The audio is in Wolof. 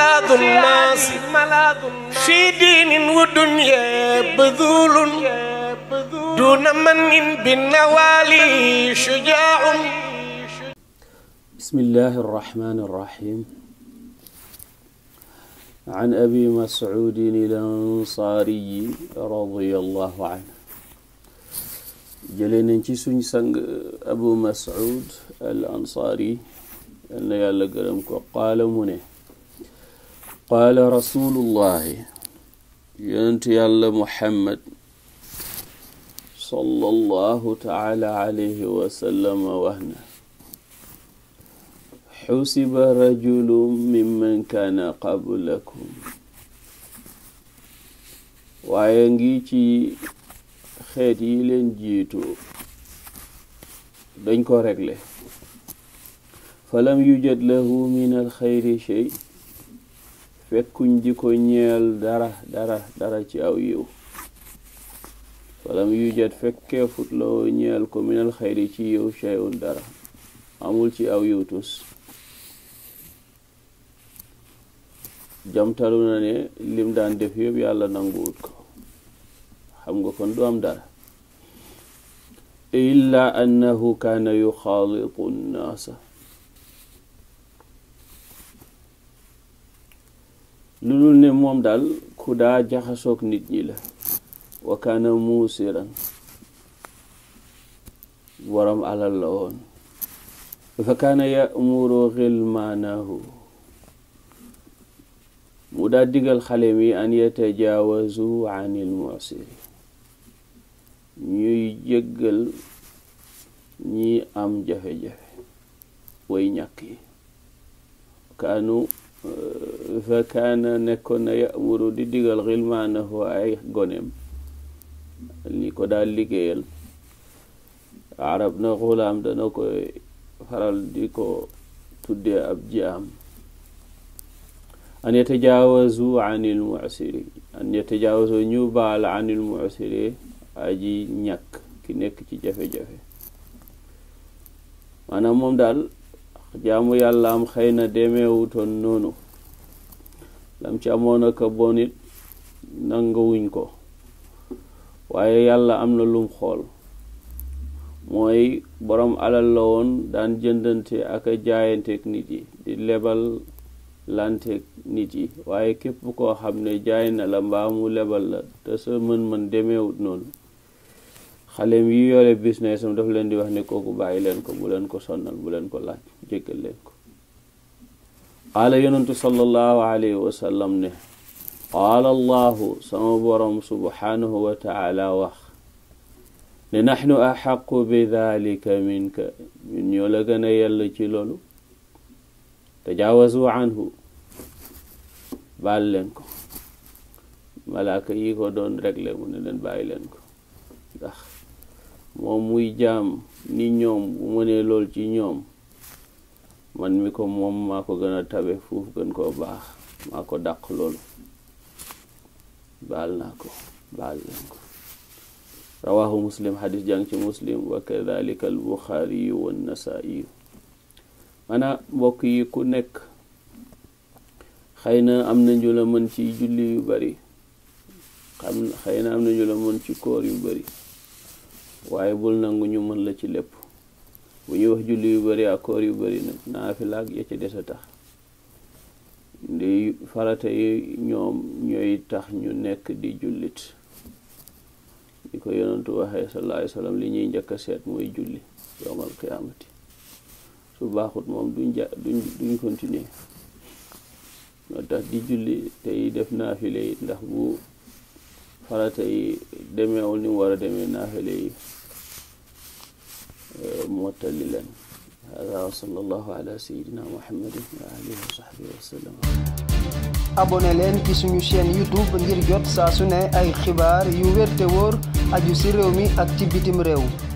ملاذ الناس في دين ودنيا بذول دون من بالنوالي شجاع بسم الله الرحمن الرحيم عن أبي مسعود الأنصاري رضي الله عنه jëlee nañ ci suñ sang abu mas'ud al ansaari yal na yàlla gërëm ko qaala mu ne qaala rasulullahi yonentu yàlla muhammad sallallahu taala alayhi wasallama wax na xusiba rajulu mimman kaana qablakum waaye ngi ci xeet yi leen jiitu dañ ko regle falam yujad lahu min alxayri shay fekkuñ di ko ñeel dara dara dara ci aw yiw falam yujat fekkee fut lawoo ñeel ko minal xayri ci yiw shay'un dara amul ci aw yiw tus jamtalu na ne lim daan def yëpp yàlla nanguwut ko xam nga kon du am dara illa annahu kaana yuxaalitu nnaasa lu dul ne moom daal ku daa jaxasoog nit ñi la wa kaana muusiran borom alal la woon fa kaana yamuru xilmaanahu mu daa digal xale mi an yatajaawazu anil mu'siri ñuy jëggal ñi am jafe-jafe way ñàkk yi kaanu fa kaana nekkoon na yamuru di digal xilmaanahu ay goneem ñi ko daal liggéeyal arab na xulaam dana koy faral di ko tuddee ab jaam an yatajaawazu anil mu'siri an yatajaawazu ñu baal anil mu'siri aji ñàkk ki nekk ci jafe-jafe maanaam moom daal jaamu yàlla am xëy na demeewutoon noonu lam ci amoon a bon it nangawuñ ko waaye yàlla am na lum xool mooy boroom alal la woon daan jëndante ak a jaayanteeg nit yi di lebal lanteeg nit yi waaye képp koo xam ne jaay na la mbaamu lebal la te sa mën-mën demeewut noonu xaleem yi yore business am dafa leen di wax ne kooku bàyyi leen ko bu ko sonnal bu leen ko laaj jéggal leen ko qaala yonentu sallallahu alayhi wa ne qaala allahu sama borom subhanahu wa wax ne naxnu axaqu bi dalika minka ñun ñoo la gën a yell ci loolu tajaawazu anhu baal leen ko malaaka yi ko doon réglé mu ne leen bàyyi leen ko moom muy jaam ni ñoom bu mënee lool ci ñoom man mi ko moom maa ko gën a tabe fuuf gën koo baax maa ko dàq loolu baal naa ko baal leen ko rawahu muslim xadis jàng ci muslim wa kadalika al buxaariyu wa nasaiyu maanaam mbokk yi ku nekk xëy na am na ñu la mën ci julli yu bari xam xay na am na ñu la mën ci koor yu bari waaye bul nangu ñu mën la ci lépp bu ñuy wax julli yu bari ak koor yu bari nag naafila ak ya des a tax di farata yi ñoom ñooy tax ñu nekk di jullit li ko yonentu waxee sallallahu alayhi wa li ñuy njëkk a seet mooy julli yowmal qiyaamati su baaxut moom duñ duñ duñ continuer tax di julli tey def naafile it ndax bu farata yi demeewul ni mu war a demee naafile yi eh, mottali leen hada wa sallallahu ala sayidina muhammadin wa alihi wa sahbihi wa sallam abonné leen ci suñu chaîne youtube ngir jot saa su ne ay xibaar yu wér te wóor aju si réew mi ak ci bitim réew